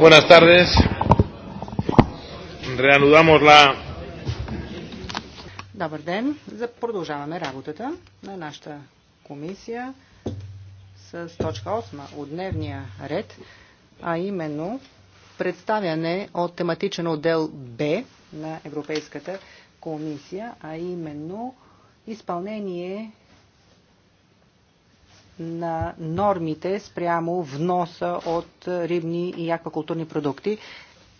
Buenas tardes. Reanudamos la. Добър ден. Продължаваме работата на нашата комисия с точка 8 от дневния ред, а именно представяне от тематичен отдел Б на Европейската комисия, а именно изпълнение на нормите спрямо вноса от рибни и аквакултурни продукти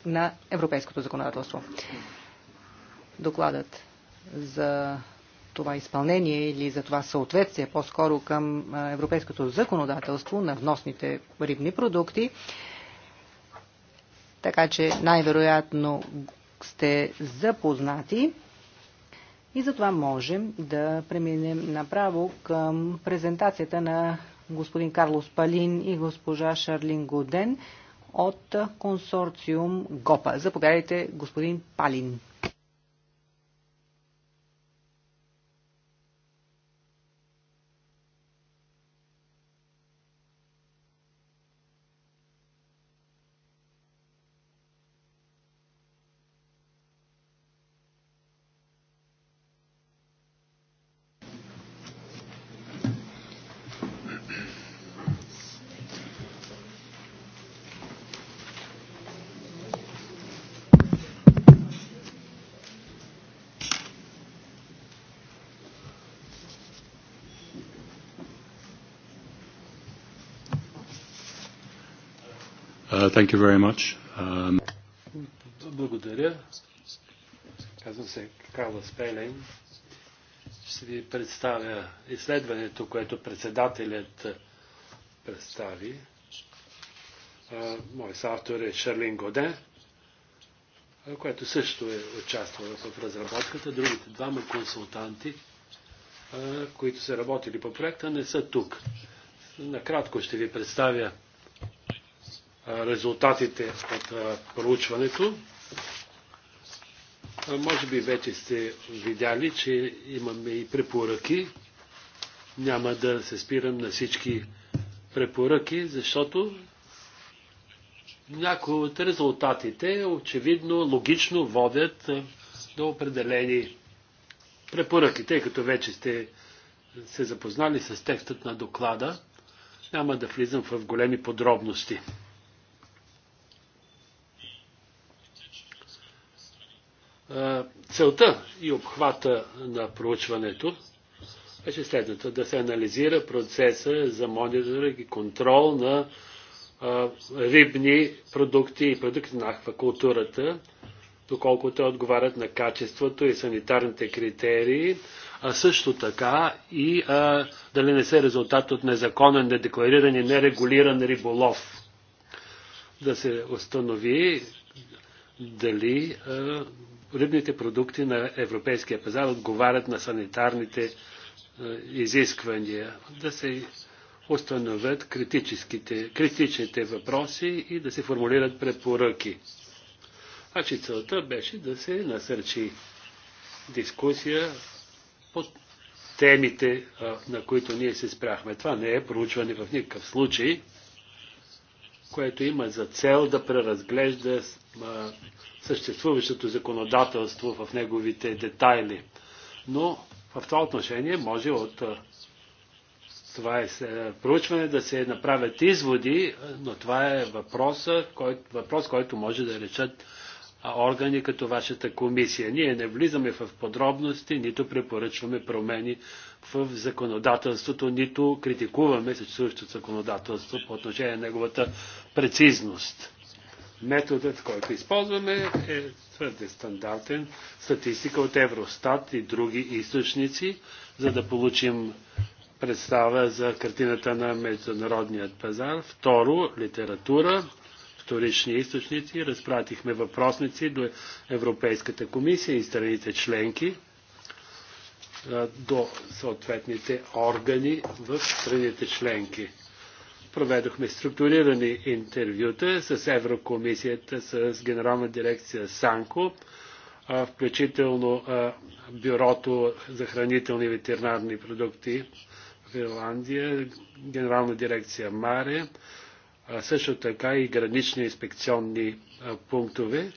на европейското законодателство. Докладът за това изпълнение или за това съответствие по-скоро към европейското законодателство на вносните рибни продукти. Така че най-вероятно сте запознати и затова можем да преминем направо към презентацията на господин Карлос Палин и госпожа Шарлин Годен от консорциум ГОПА. Заповядайте, господин Палин. thank you very much. Um... Благодаря. Казвам се Карлос Пелен. Ще ви представя изследването, което председателят представи. Мой автор е Шарлин Годе, което също е участвал в разработката. Другите двама консултанти, които са работили по проекта, не са тук. Накратко ще ви представя резултатите от проучването. Може би вече сте видяли, че имаме и препоръки. Няма да се спирам на всички препоръки, защото някои от резултатите очевидно логично водят до определени препоръки, тъй като вече сте се запознали с текстът на доклада. Няма да влизам в големи подробности. Е, целта и обхвата на проучването беше следното да се анализира процеса за мониторинг и контрол на е, рибни продукти и продукти на аквакултурата, доколко те отговарят на качеството и санитарните критерии, а също така и а, е, дали не се резултат от незаконен, недеклариран и нерегулиран риболов. Да се установи дали а, рибните продукти на европейския пазар отговарят на санитарните е, изисквания, да се установят критичните въпроси и да се формулират препоръки. А значи че целта беше да се насърчи дискусия по темите, на които ние се спряхме. Това не е проучване в никакъв случай което има за цел да преразглежда съществуващото законодателство в неговите детайли. Но в това отношение може от това е проучване да се направят изводи, но това е въпрос, който, въпрос, който може да речат органи като вашата комисия. Ние не влизаме в подробности, нито препоръчваме промени в законодателството, нито критикуваме съществуващото законодателство по отношение на неговата прецизност. Методът, който използваме е твърде стандартен. Статистика от Евростат и други източници, за да получим представа за картината на международният пазар. Второ, литература, вторични източници, разпратихме въпросници до Европейската комисия и страните членки до съответните органи в страните членки. Проведохме структурирани интервюта с Еврокомисията, с Генерална дирекция Санко, включително Бюрото за хранителни и ветеринарни продукти в Ирландия, Генерална дирекция Маре, също така и гранични инспекционни пунктове,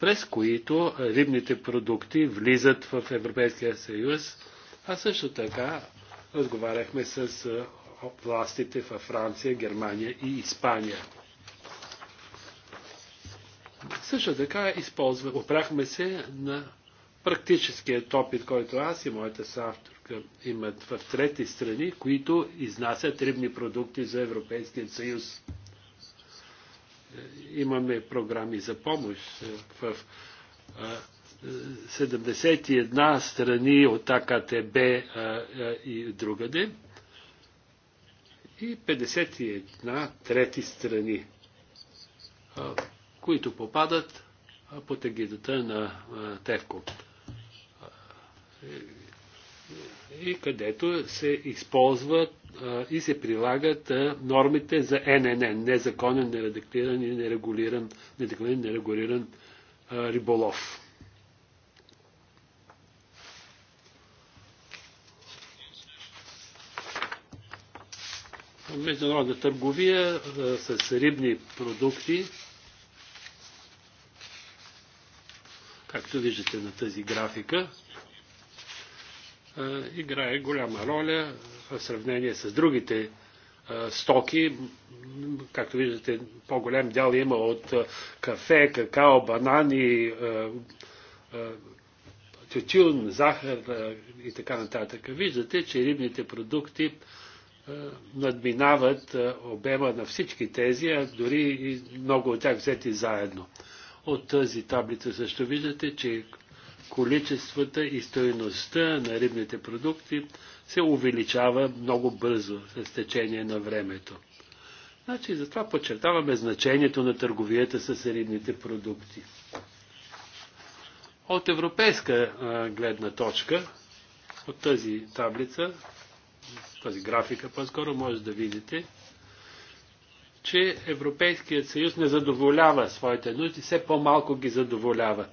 през които рибните продукти влизат в Европейския съюз, а също така разговаряхме с властите във Франция, Германия и Испания. Също така използвах, опрахме се на практическият опит, който аз и моята имат в трети страни, които изнасят рибни продукти за Европейския съюз. Е, имаме програми за помощ е, в 71 страни от АКТБ и другаде и 51 трети страни, които попадат под егидата на Тевко е, и където се използват и се прилагат нормите за ННН, незаконен, нередактиран и нерегулиран, недеклариран, нерегулиран риболов. Международна търговия с рибни продукти. Както виждате на тази графика, играе голяма роля в сравнение с другите стоки. Както виждате, по-голям дял има от кафе, какао, банани, тютюн, захар и така нататък. Виждате, че рибните продукти надминават обема на всички тези, а дори и много от тях взети заедно. От тази таблица също виждате, че количествата и стоеността на рибните продукти се увеличава много бързо с течение на времето. Значи, затова подчертаваме значението на търговията с рибните продукти. От европейска а, гледна точка, от тази таблица, тази графика по-скоро може да видите, че Европейският съюз не задоволява своите нужди, все по-малко ги задоволява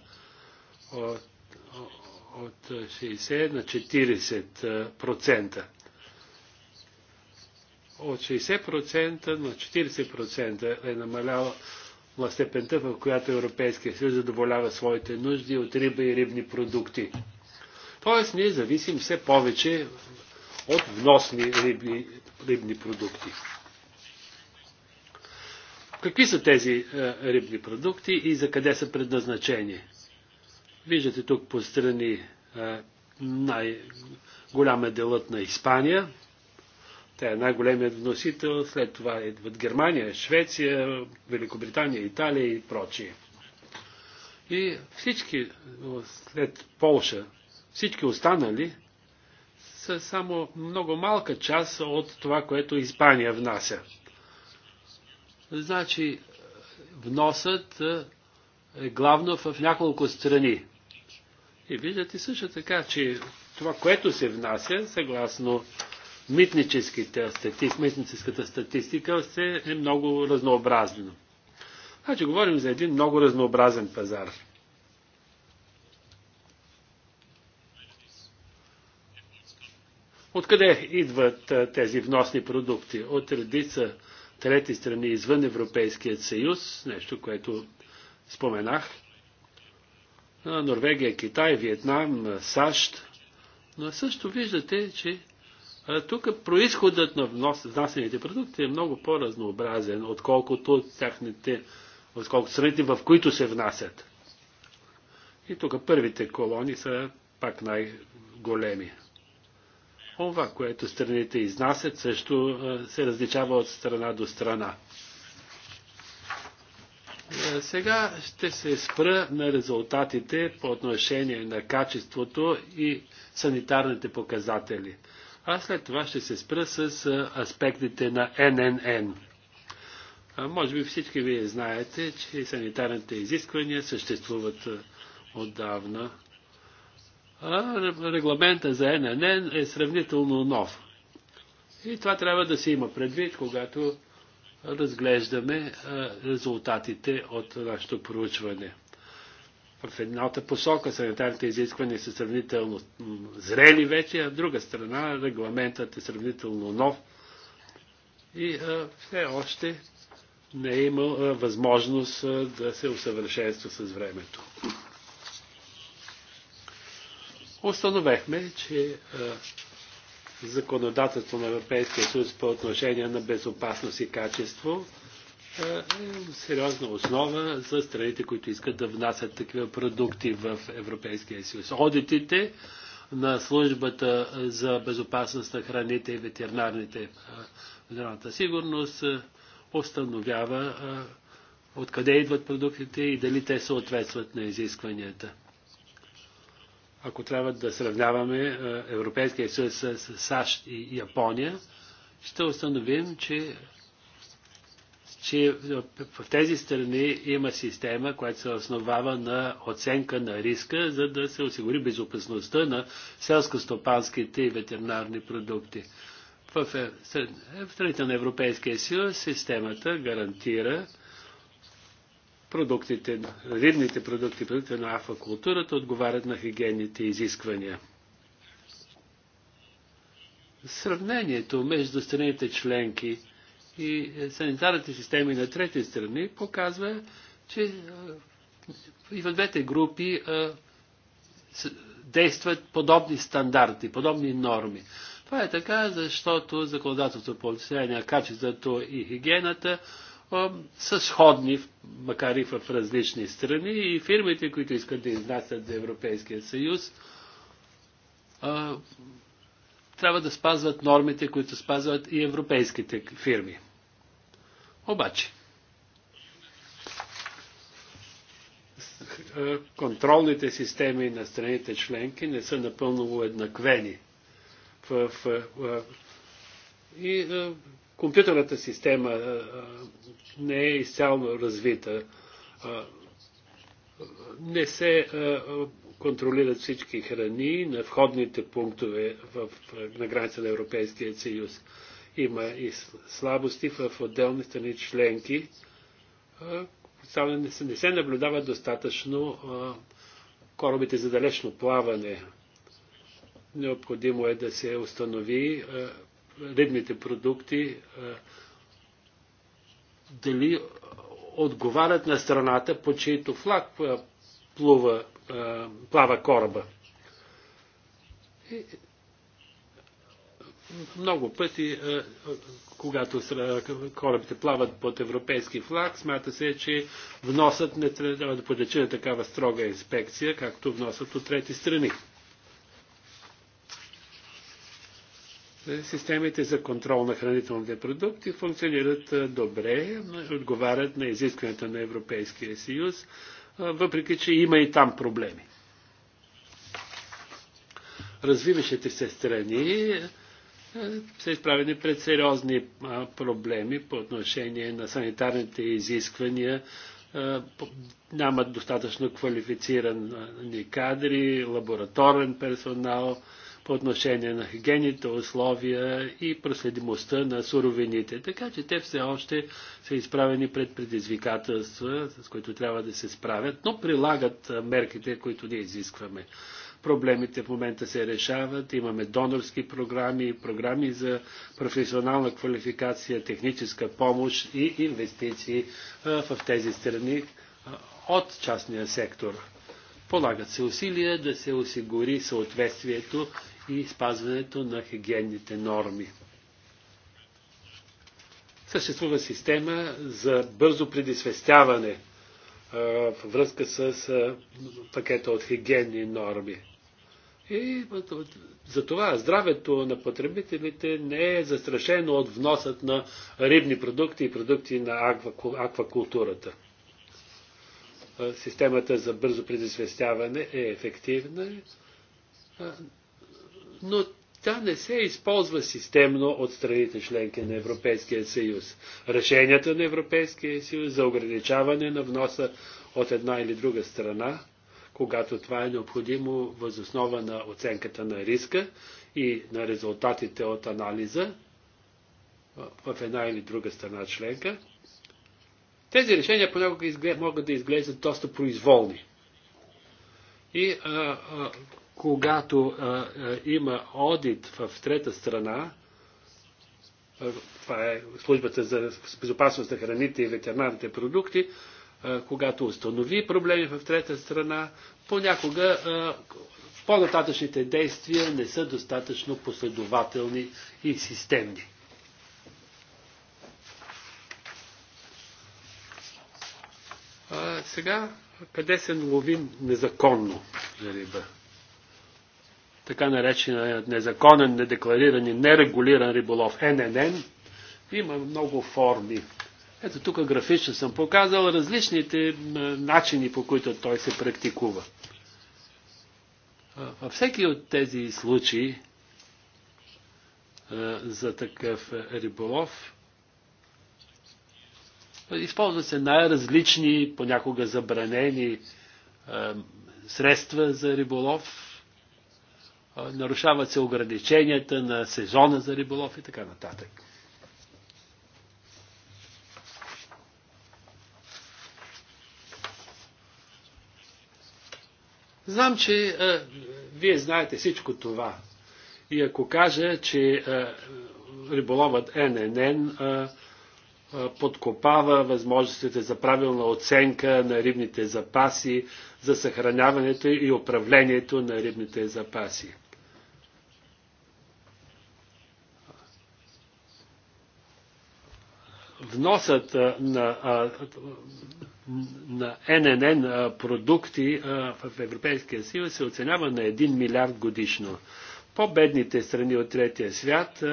от 60 е, на 40%. Е, от 60% на 40% е намаляла на степента, в която Европейския съюз задоволява своите нужди от риба и рибни продукти. Тоест ние зависим все повече от вносни рибни, рибни продукти. Какви са тези е, рибни продукти и за къде са предназначени? Виждате тук по страни най-голям е делът на Испания. Тя е най-големият вносител, след това идват Германия, Швеция, Великобритания, Италия и прочие. И всички, след Полша, всички останали са само много малка част от това, което Испания внася. Значи, вносът е главно в няколко страни. И виждате също така, че това, което се внася, съгласно статистика, митническата статистика, се е много разнообразно. Значи говорим за един много разнообразен пазар. Откъде идват тези вносни продукти? От редица трети страни извън Европейският съюз, нещо, което споменах. Норвегия, Китай, Виетнам, САЩ. Но също виждате, че тук происходът на внос, внасените продукти е много по-разнообразен, отколкото от тяхните, отколкото страните, в които се внасят. И тук първите колони са пак най-големи. Това, което страните изнасят, също се различава от страна до страна. Е, сега ще се спра на резултатите по отношение на качеството и санитарните показатели. А след това ще се спра с е, аспектите на ННН. Може би всички вие знаете, че санитарните изисквания съществуват е, отдавна. А регламента за ННН е сравнително нов. И това трябва да се има предвид, когато разглеждаме резултатите от нашето проучване. В едната посока санитарните изисквания са сравнително зрели вече, а в друга страна регламентът е сравнително нов и а, все още не е имал а, възможност а, да се усъвършенства с времето. Установехме, че а, законодателство на Европейския съюз по отношение на безопасност и качество е, е сериозна основа за страните, които искат да внасят такива продукти в Европейския съюз. Одитите на службата за безопасност на храните и ветеринарните здравната е, сигурност е, установява откъде идват продуктите и дали те съответстват на изискванията ако трябва да сравняваме е, Европейския съюз с САЩ и Япония, ще установим, че, че е, в тези страни има система, която се основава на оценка на риска, за да се осигури безопасността на селско-стопанските и ветеринарни продукти. В е, страните на Европейския съюз системата гарантира, продуктите, рибните продукти, продукти на афакултурата отговарят на хигиенните изисквания. Сравнението между страните членки и санитарните системи на трети страни показва, че и в двете групи действат подобни стандарти, подобни норми. Това е така, защото законодателството по отношение на качеството и хигиената са сходни, макар и в различни страни, и фирмите, които искат да изнасят за Европейския съюз, трябва да спазват нормите, които спазват и европейските фирми. Обаче, контролните системи на страните членки не са напълно уеднаквени. В, в, и компютърната система а, не е изцяло развита. А, не се а, контролират всички храни на входните пунктове в, на граница на Европейския съюз. Има и слабости в отделни страни членки. не се, не се наблюдава достатъчно а, корабите за далечно плаване. Необходимо е да се установи а, рибните продукти е, дали отговарят на страната, по чието флаг е, плува, е, плава кораба. И много пъти, когато корабите плават под европейски флаг, смята се, че вносът не трябва да подлечи на такава строга инспекция, както вносът от трети страни. Е, системите за контрол на хранителните продукти функционират е, добре, отговарят на изискванията на Европейския съюз, е, въпреки че има и там проблеми. Развиващите се страни са изправени пред сериозни проблеми по отношение на санитарните изисквания. Нямат достатъчно квалифицирани кадри, лабораторен персонал, по отношение на хигиените условия и проследимостта на суровините. Така че те все още са изправени пред предизвикателства, с които трябва да се справят, но прилагат мерките, които ние изискваме. Проблемите в момента се решават. Имаме донорски програми, програми за професионална квалификация, техническа помощ и инвестиции в тези страни от частния сектор. Полагат се усилия да се осигури съответствието и спазването на хигиенните норми. Съществува система за бързо предисвестяване във връзка с пакета от хигиенни норми. И затова здравето на потребителите не е застрашено от вносът на рибни продукти и продукти на аквакултурата. Системата за бързо предизвестяване е ефективна, но тя не се използва системно от страните членки на Европейския съюз. Решенията на Европейския съюз за ограничаване на вноса от една или друга страна, когато това е необходимо възоснова на оценката на риска и на резултатите от анализа в една или друга страна членка, тези решения понякога могат да изглеждат доста произволни. И а, а, когато а, а, има одит в трета страна, а, това е службата за безопасност на храните и ветеринарните продукти, а, когато установи проблеми в трета страна, понякога а, по-нататъчните действия не са достатъчно последователни и системни. А, сега, къде се ловим незаконно за риба? така наречения незаконен, недеклариран и нерегулиран риболов, ННН, има много форми. Ето тук графично съм показал различните начини, по които той се практикува. Във всеки от тези случаи за такъв риболов използват се най-различни, понякога забранени средства за риболов, нарушават се ограниченията на сезона за риболов и така нататък. Знам, че а, вие знаете всичко това. И ако кажа, че а, риболовът ННН а, а, подкопава възможностите за правилна оценка на рибните запаси, за съхраняването и управлението на рибните запаси. вносът на, на ННН продукти в Европейския съюз се оценява на 1 милиард годишно. По-бедните страни от третия свят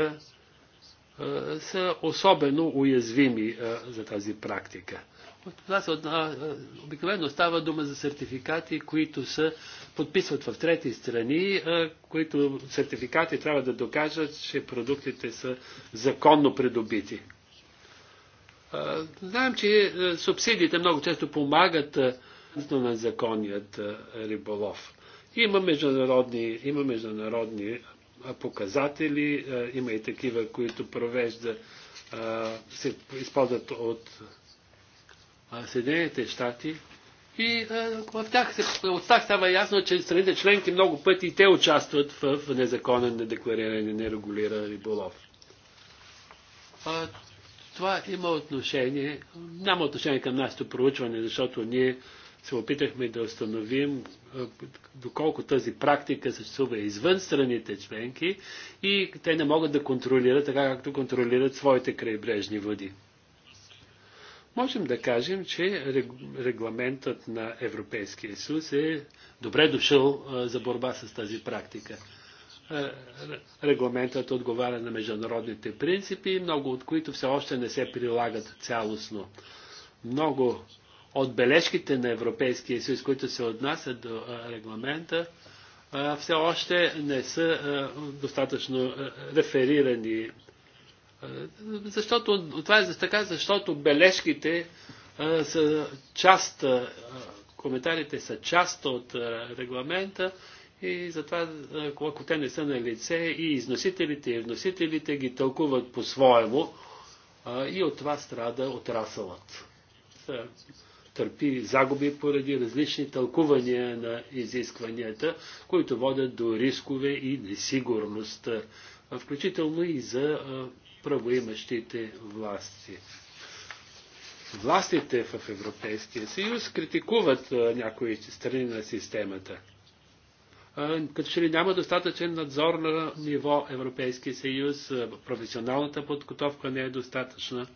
са особено уязвими за тази практика. това Нас обикновено става дума за сертификати, които се подписват в трети страни, които сертификати трябва да докажат, че продуктите са законно придобити. Знаем, че е, субсидиите много често помагат е, на законният е, риболов. Има международни, има международни показатели, има и такива, които провежда, се използват от Съединените щати. И в тях се, от тях става ясно, че страните членки много пъти и те участват в незаконен, недеклариран и нерегулиран риболов. Това има отношение, няма отношение към нашето проучване, защото ние се опитахме да установим доколко тази практика съществува извън страните членки и те не могат да контролират така, както контролират своите крайбрежни води. Можем да кажем, че регламентът на Европейския съюз е добре дошъл за борба с тази практика. Е, регламентът отговаря на международните принципи, много от които все още не се прилагат цялостно. Много от бележките на Европейския съюз, които се отнасят до е, регламента, е, все още не са достатъчно реферирани. Защото, това е така, защото бележките са част, коментарите са част от регламента, и затова, ако те не са на лице, и износителите, и вносителите ги тълкуват по-своему и от това страда отрасълът. Търпи загуби поради различни тълкувания на изискванията, които водят до рискове и несигурност, включително и за правоимащите власти властите в Европейския съюз критикуват някои страни на системата като че ли няма достатъчен надзор на ниво Европейски съюз, професионалната подготовка не е достатъчна.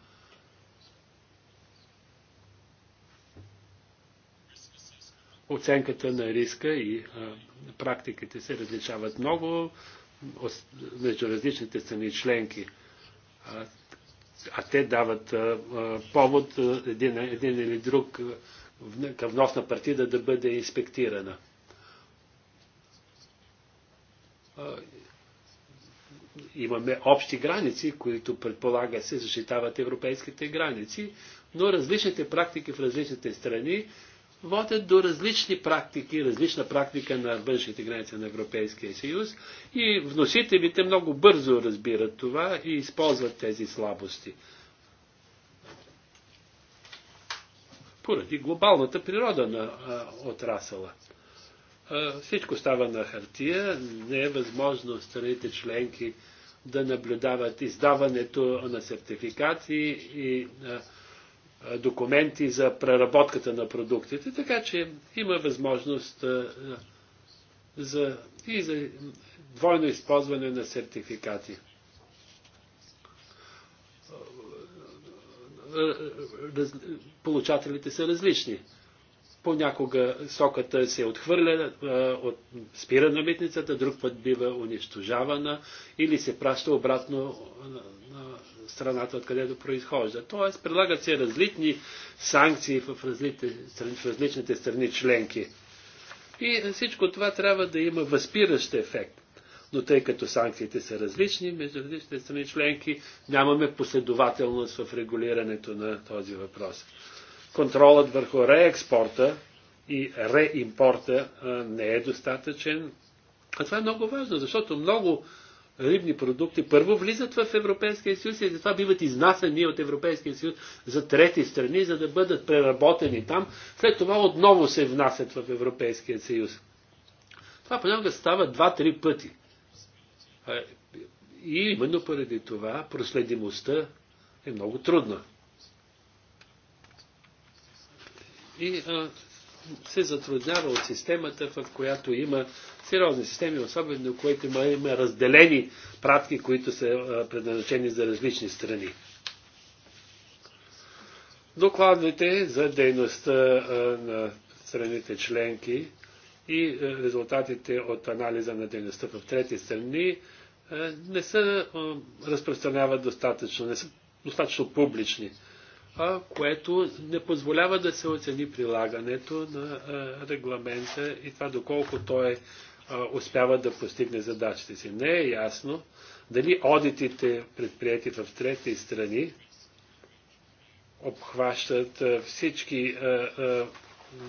Оценката на риска и а, практиките се различават много между различните страни членки. А, а те дават а, повод един, един или друг към вносна партида да бъде инспектирана. имаме общи граници, които предполага се защитават европейските граници, но различните практики в различните страни водят до различни практики, различна практика на външните граници на Европейския съюз и вносителите много бързо разбират това и използват тези слабости. Поради глобалната природа на а, отрасъла. Всичко става на хартия, не е възможно страните членки да наблюдават издаването на сертификати и документи за преработката на продуктите, така че има възможност за, и за двойно използване на сертификати. получателите са различни. Понякога соката се е отхвърля, от, спира на митницата, друг път бива унищожавана или се праща обратно на страната, откъдето произхожда. Тоест, прилагат се различни санкции в, в различните страни членки. И всичко това трябва да има възпиращ ефект. Но тъй като санкциите са различни между различните страни членки, нямаме последователност в регулирането на този въпрос контролът върху реекспорта и реимпорта не е достатъчен. А това е много важно, защото много рибни продукти първо влизат в Европейския съюз и затова биват изнасяни от Европейския съюз за трети страни, за да бъдат преработени там. След това отново се внасят в Европейския съюз. Това понякога става два-три пъти. И именно поради това проследимостта е много трудна. и се затруднява от системата, в която има сериозни системи, особено които има, има разделени пратки, които са предназначени за различни страни. Докладите за дейността на страните членки и резултатите от анализа на дейността в трети страни не се разпространяват достатъчно, не са достатъчно публични което не позволява да се оцени прилагането на регламента и това доколко той успява да постигне задачите си. Не е ясно дали одитите, предприяти в трети страни, обхващат всички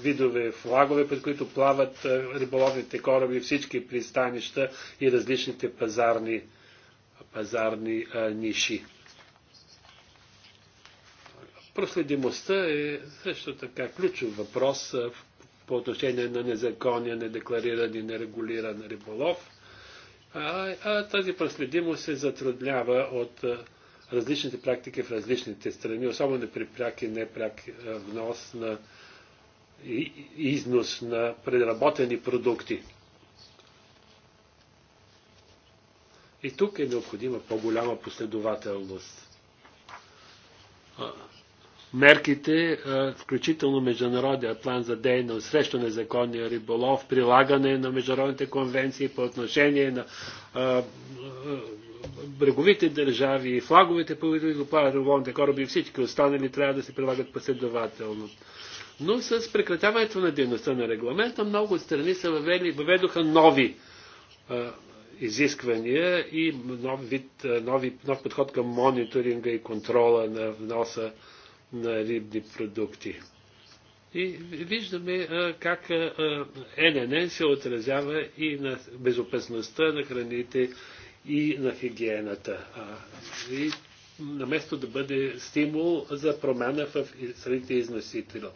видове флагове, пред които плават риболовните кораби, всички пристанища и различните пазарни, пазарни ниши. Проследимостта е също така ключов въпрос по отношение на незаконния, недеклариран и нерегулиран риболов. А, а тази проследимост се затруднява от различните практики в различните страни, особено при пряк и непряк внос на и, износ на преработени продукти. И тук е необходима по-голяма последователност мерките, включително международния план за дейност срещу незаконния риболов, прилагане на международните конвенции по отношение на бреговите държави и флаговете по риболовните кораби и всички останали трябва да се прилагат последователно. Но с прекратяването на дейността на регламента много страни са въвели, въведоха нови а, изисквания и нов, вид, нови, нов подход към мониторинга и контрола на вноса на рибни продукти. И виждаме как ННН се отразява и на безопасността на храните и на хигиената. И наместо да бъде стимул за промяна в средите износителя.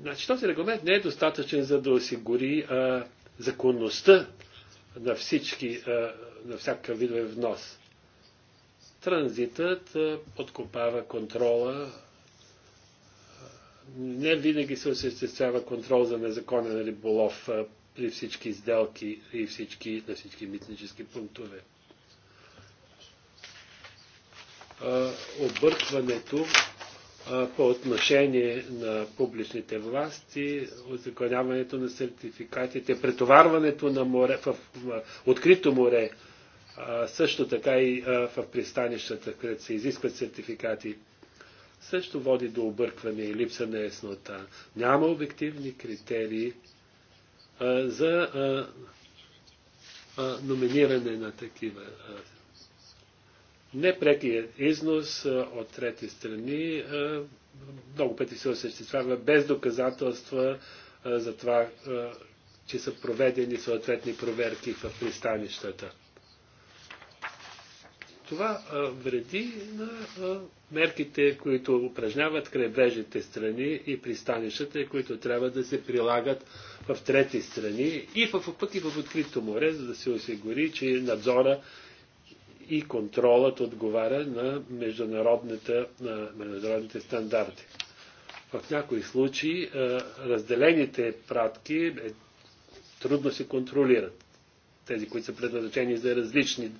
Значи, този регламент не е достатъчен за да осигури а, законността на всички, а, на всяка видове внос транзитът подкопава контрола. Не винаги се осъществява контрол за незаконен риболов при всички сделки и всички, на всички митнически пунктове. Объркването по отношение на публичните власти, озаконяването на сертификатите, претоварването на море, в открито море също така и в пристанищата, където се изискват сертификати, също води до объркване и липса на яснота. Няма обективни критерии за номиниране на такива. Непрекият износ от трети страни много пъти се осъществява без доказателства за това, че са проведени съответни проверки в пристанищата. Това вреди на мерките, които упражняват крайбрежните страни и пристанищата, които трябва да се прилагат в трети страни и в, пък и в открито море, за да се осигури, че надзора и контролът отговаря на международните, на международните стандарти. В някои случаи разделените пратки е, трудно се контролират. Тези, които са предназначени за различни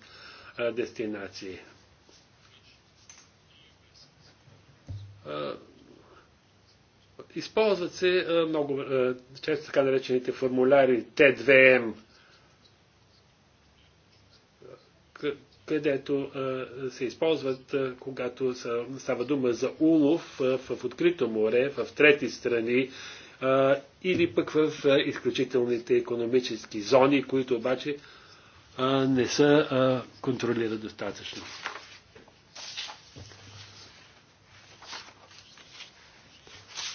дестинации. Използват се много често така наречените формуляри Т2М, където се използват, когато става дума за улов в открито море, в трети страни или пък в изключителните економически зони, които обаче не се контролира достатъчно.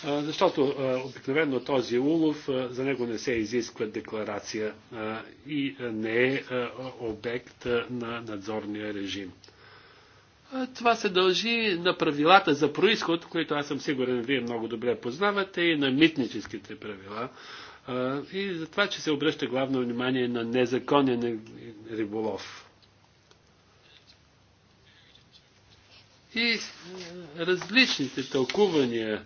Защото обикновено този улов, за него не се изисква декларация и не е обект на надзорния режим. Това се дължи на правилата за происход, които аз съм сигурен вие много добре познавате, и на митническите правила, и за това, че се обръща главно внимание на незаконен риболов. И различните тълкувания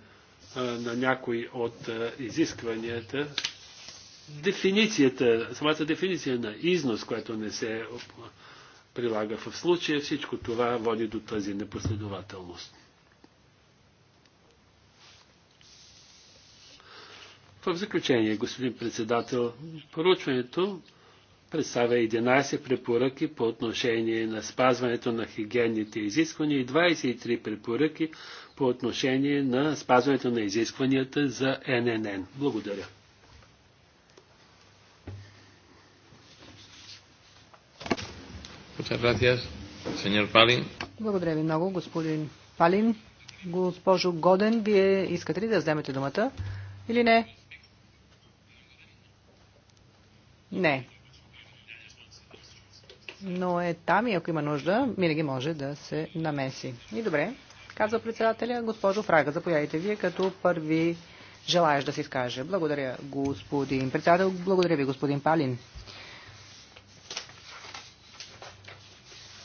на някои от изискванията, дефиницията, самата дефиниция на износ, която не се прилага в случая, всичко това води до тази непоследователност. В заключение, господин председател, поручването представя 11 препоръки по отношение на спазването на хигиенните изисквания и 23 препоръки по отношение на спазването на изискванията за ННН. Благодаря. Благодаря ви много, господин Палин. Госпожо Годен, вие искате ли да вземете думата или не? Не. Но е там и ако има нужда, винаги може да се намеси. И добре, казва председателя, госпожо Фрага, заповядайте вие като първи желаеш да се изкаже. Благодаря, господин председател. Благодаря ви, господин Палин.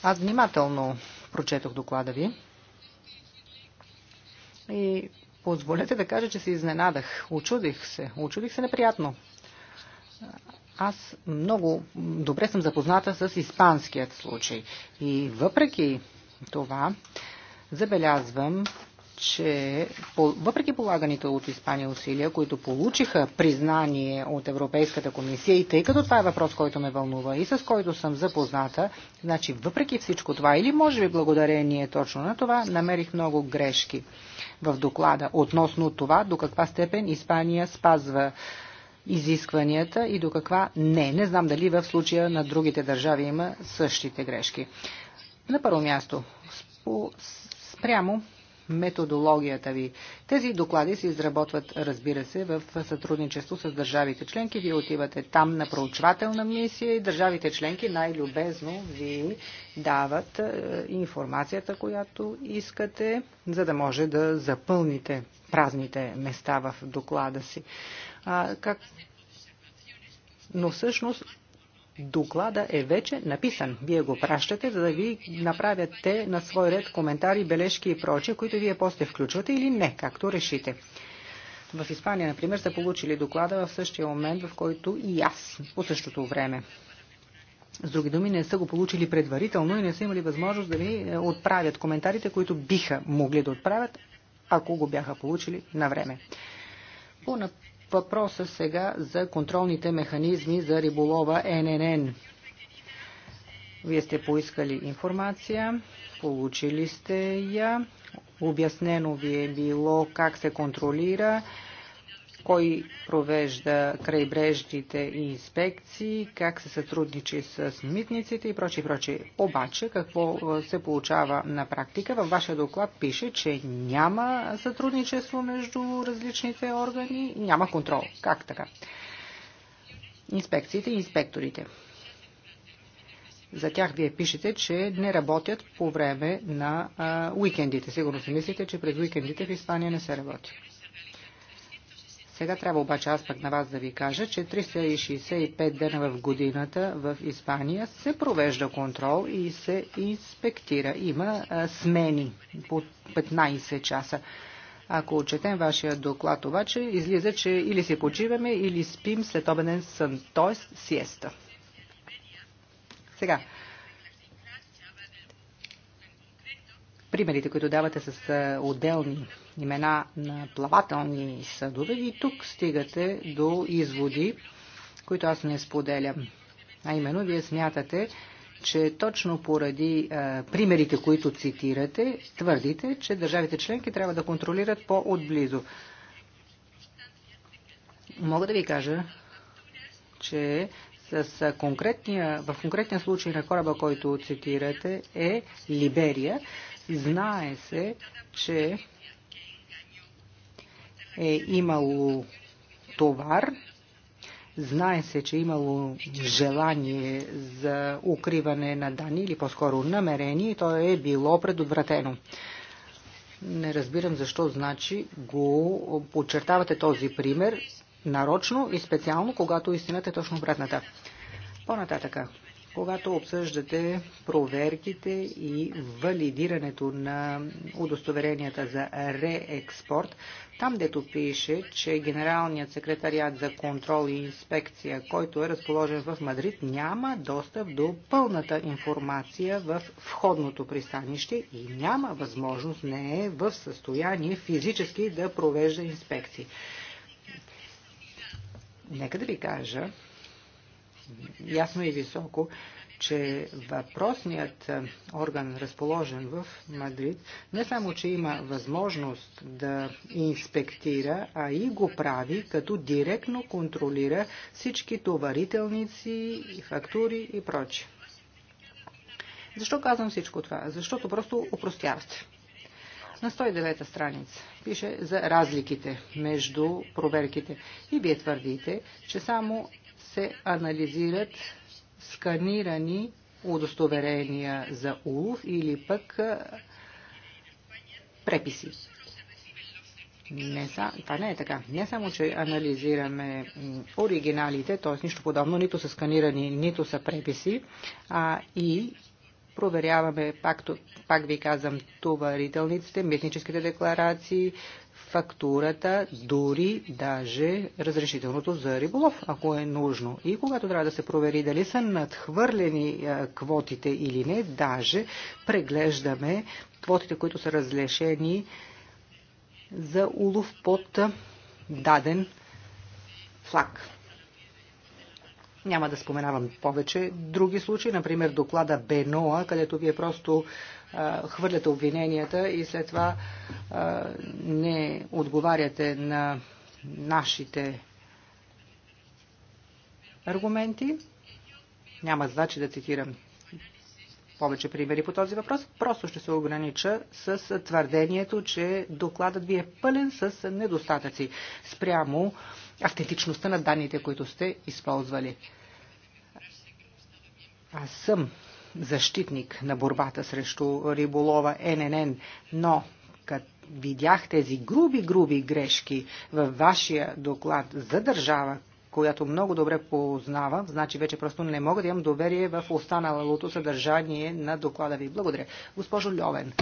Аз внимателно прочетох доклада ви и позволете да кажа, че се изненадах. Очудих се. Очудих се неприятно. Аз много добре съм запозната с испанският случай. И въпреки това, забелязвам, че въпреки полаганите от Испания усилия, които получиха признание от Европейската комисия, и тъй като това е въпрос, който ме вълнува и с който съм запозната, значи въпреки всичко това, или може би благодарение точно на това, намерих много грешки в доклада относно това до каква степен Испания спазва изискванията и до каква не. Не знам дали в случая на другите държави има същите грешки. На първо място, спрямо методологията ви. Тези доклади се изработват, разбира се, в сътрудничество с държавите членки. Вие отивате там на проучвателна мисия и държавите членки най-любезно ви дават е, информацията, която искате, за да може да запълните празните места в доклада си а, как... Но всъщност доклада е вече написан. Вие го пращате, за да ви направят те на свой ред коментари, бележки и прочие, които вие после включвате или не, както решите. В Испания, например, са получили доклада в същия момент, в който и аз, по същото време. С други думи, не са го получили предварително и не са имали възможност да ви е, отправят коментарите, които биха могли да отправят, ако го бяха получили на време. По Въпроса сега за контролните механизми за риболова ННН. Вие сте поискали информация, получили сте я, обяснено ви е било как се контролира кой провежда крайбрежните инспекции, как се сътрудничи с митниците и прочие, прочие. Обаче, какво се получава на практика? Във вашия доклад пише, че няма сътрудничество между различните органи, няма контрол. Как така? Инспекциите и инспекторите. За тях вие пишете, че не работят по време на а, уикендите. Сигурно си мислите, че през уикендите в Испания не се работи. Сега трябва обаче аз пък на вас да ви кажа, че 365 дена в годината в Испания се провежда контрол и се инспектира. Има а, смени по 15 часа. Ако отчетем вашия доклад обаче, излиза, че или се почиваме, или спим след обеден сън, т.е. сиеста. Сега, примерите, които давате с отделни имена на плавателни съдове и тук стигате до изводи, които аз не споделям. А именно, вие смятате, че точно поради а, е, примерите, които цитирате, твърдите, че държавите членки трябва да контролират по-отблизо. Мога да ви кажа, че с конкретния, в конкретния случай на кораба, който цитирате, е Либерия. Знае се, че е имало товар, знае се, че е имало желание за укриване на данни или по-скоро намерение и то е било предотвратено. Не разбирам защо значи го подчертавате този пример нарочно и специално, когато истината е точно обратната. По-нататъка, когато обсъждате проверките и валидирането на удостоверенията за реекспорт. Там, дето пише, че Генералният секретариат за контрол и инспекция, който е разположен в Мадрид, няма достъп до пълната информация в входното пристанище и няма възможност, не е в състояние физически да провежда инспекции. Нека да ви кажа, ясно и високо, че въпросният е, орган, разположен в Мадрид, не само, че има възможност да инспектира, а и го прави, като директно контролира всички товарителници, фактури и прочи. Защо казвам всичко това? Защото просто упростявате. На 109-та страница пише за разликите между проверките. И вие твърдите, че само се анализират сканирани удостоверения за улов или пък преписи. Не, това не е така. Не само, че анализираме оригиналите, т.е. нищо подобно, нито са сканирани, нито са преписи, а и проверяваме, пак, пак ви казвам, товарителниците, митническите декларации, фактурата, дори даже разрешителното за риболов, ако е нужно. И когато трябва да се провери дали са надхвърлени квотите или не, даже преглеждаме квотите, които са разрешени за улов под даден флаг. Няма да споменавам повече други случаи, например доклада Беноа, където вие просто хвърляте обвиненията и след това не отговаряте на нашите аргументи. Няма значи да цитирам повече примери по този въпрос. Просто ще се огранича с твърдението, че докладът ви е пълен с недостатъци спрямо автентичността на данните, които сте използвали. Аз съм защитник на борбата срещу риболова е, ННН, но като видях тези груби-груби грешки във вашия доклад за държава, която много добре познавам, значи вече просто не мога да имам доверие в останалото съдържание на доклада ви. Благодаря. Госпожо Льовен.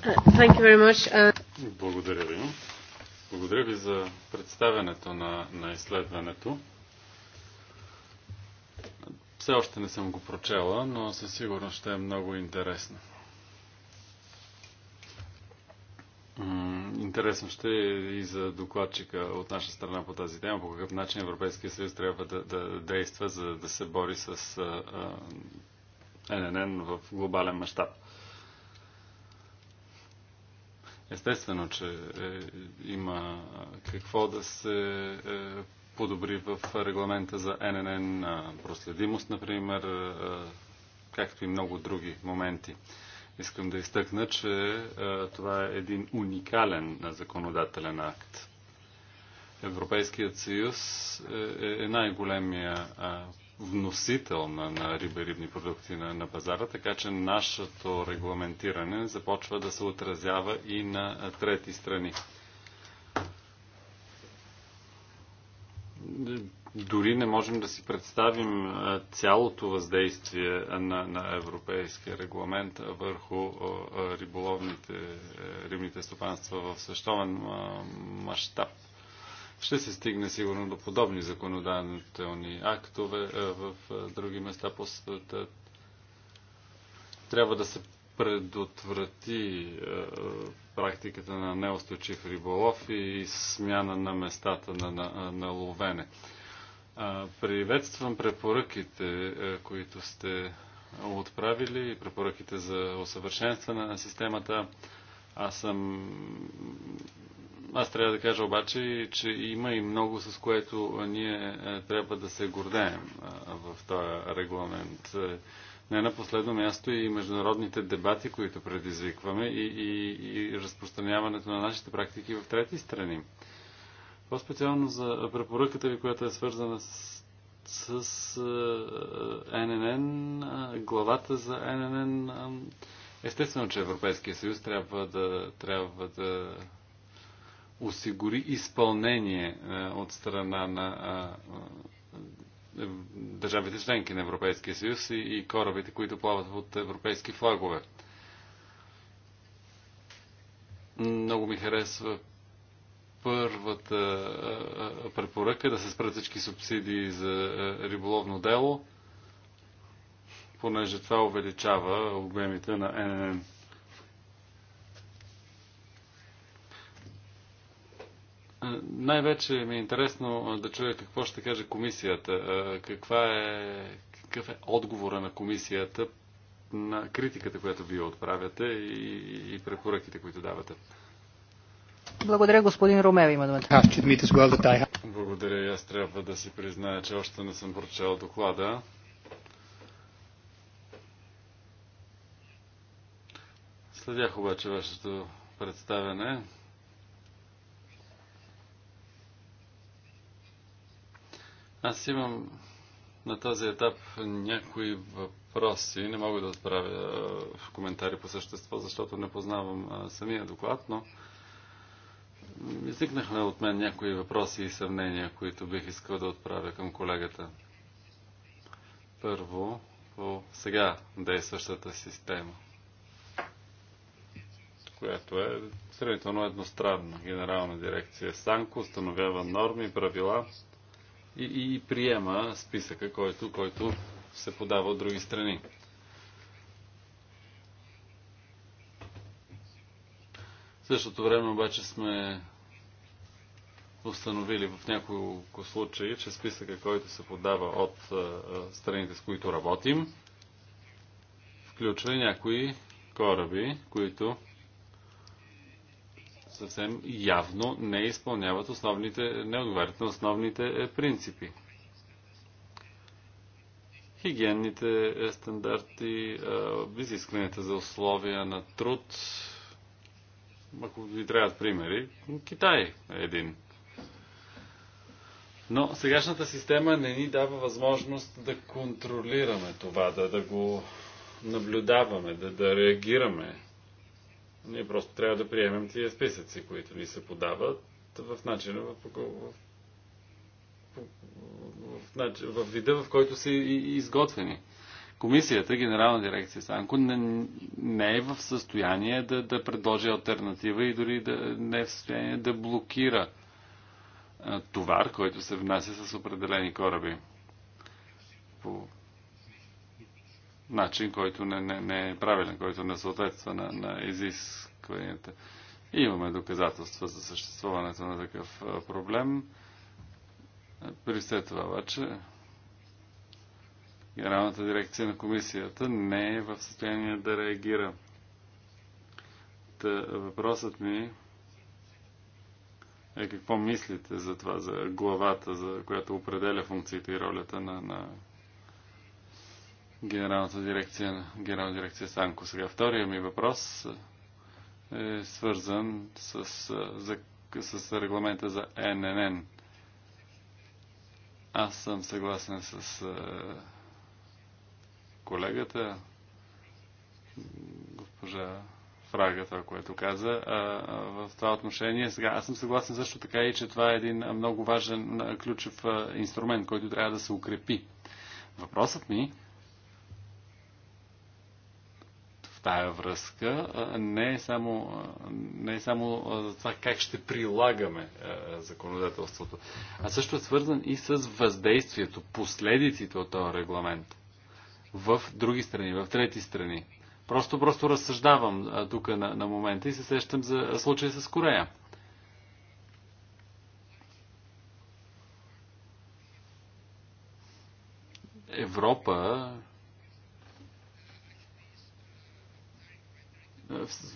Uh, Благодаря ви. Благодаря ви за представянето на, на изследването. Все още не съм го прочела, но със сигурност ще е много интересно. Интересно ще е и за докладчика от наша страна по тази тема, по какъв начин Европейския съюз трябва да, да действа, за да се бори с а, ННН в глобален мащаб. Естествено, че е, има какво да се е, подобри в регламента за ННН, проследимост, например, както и много други моменти. Искам да изтъкна, че това е един уникален законодателен акт. Европейският съюз е, е, е най-големия вносител на, на риба и рибни продукти на, на пазара, така че нашето регламентиране започва да се отразява и на трети страни. дори не можем да си представим цялото въздействие на, на европейския регламент върху риболовните, рибните стопанства в същовен мащаб. Ще се стигне сигурно до подобни законодателни актове в други места по света. Трябва да се предотврати е, практиката на неустойчив риболов и смяна на местата на, на, на ловене. Е, приветствам препоръките, е, които сте отправили и препоръките за усъвършенстване на системата. Аз съм. Аз трябва да кажа обаче, че има и много с което ние е, трябва да се гордеем е, в този регламент. Не на последно място и международните дебати, които предизвикваме и, и, и разпространяването на нашите практики в трети страни. По-специално за препоръката ви, която е свързана с, с, е, ННН, главата за ННН, е, естествено, че Европейския съюз трябва да, трябва да осигури изпълнение е, от страна на е, държавите членки на Европейския съюз и, и корабите, които плават от европейски флагове. Много ми харесва първата препоръка да се спрат всички субсидии за риболовно дело, понеже това увеличава обемите на ННН. най-вече ми е интересно да чуя какво ще каже комисията. Каква е, какъв е отговора на комисията на критиката, която вие отправяте и, и препоръките, които давате? Благодаря, господин Ромева има думата. Благодаря и аз трябва да си призная, че още не съм прочел доклада. Следях обаче вашето представяне. Аз имам на този етап някои въпроси. Не мога да отправя в коментари по същество, защото не познавам самия доклад, но изникнахме от мен някои въпроси и съмнения, които бих искал да отправя към колегата. Първо, по сега действащата система, която е сравнително едностранна. Генерална дирекция Санко установява норми правила, и, и приема списъка, който, който се подава от други страни. В същото време обаче сме установили в няколко случаи, че списъка, който се подава от страните, с които работим, включва и някои кораби, които съвсем явно не изпълняват основните, не отговарят на основните е, принципи. Хигиенните е, стандарти, е, изискванията за условия на труд. Ако ви трябват примери, Китай е един. Но сегашната система не ни дава възможност да контролираме това, да, да го наблюдаваме, да, да реагираме ние просто трябва да приемем тия списъци, които ни се подават в начина, в, в, в, в, в вида, в който са изготвени. Комисията, Генерална дирекция Санко, не, не е в състояние да, да предложи альтернатива и дори да, не е в състояние да блокира товар, който се внася с определени кораби. По начин, който не, не, не е правилен, който не съответства на, на изискванията. имаме доказателства за съществуването на такъв проблем. При все това обаче Генералната дирекция на комисията не е в състояние да реагира. Та, въпросът ми е какво мислите за това, за главата, за която определя функциите и ролята на, на генералната дирекция, генерална дирекция Санко. Сега втория ми въпрос е свързан с, за, с регламента за ННН. Аз съм съгласен с е, колегата, госпожа Фрага, това, което каза а, а, в това отношение. Сега, аз съм съгласен също така и, че това е един много важен ключов а, инструмент, който трябва да се укрепи. Въпросът ми тая връзка не е само, не е само за това как ще прилагаме законодателството, а също е свързан и с въздействието, последиците от този регламент в други страни, в трети страни. Просто, просто разсъждавам тук на, на момента и се сещам за случай с Корея. Европа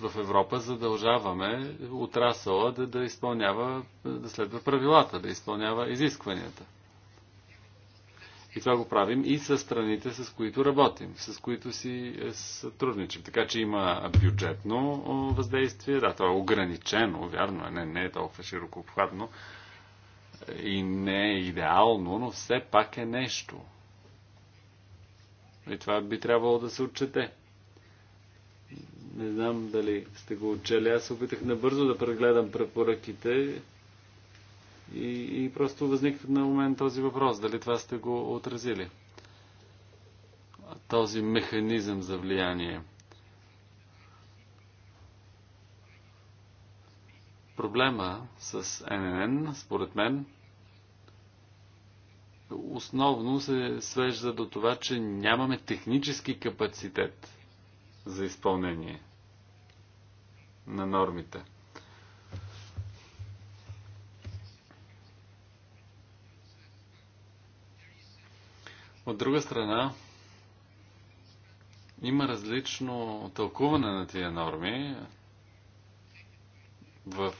в Европа задължаваме отрасъла да, да изпълнява, да следва правилата, да изпълнява изискванията. И това го правим и с страните, с които работим, с които си е, сътрудничим. Така че има бюджетно въздействие, да, това е ограничено, вярно е, не, не е толкова широко обхватно и не е идеално, но все пак е нещо. И това би трябвало да се отчете. Не знам дали сте го отчели. Аз опитах набързо да прегледам препоръките и, и просто възникна на мен този въпрос. Дали това сте го отразили? Този механизъм за влияние. Проблема с ННН, според мен, основно се свежда до това, че нямаме технически капацитет – за изпълнение на нормите. От друга страна, има различно тълкуване на тия норми в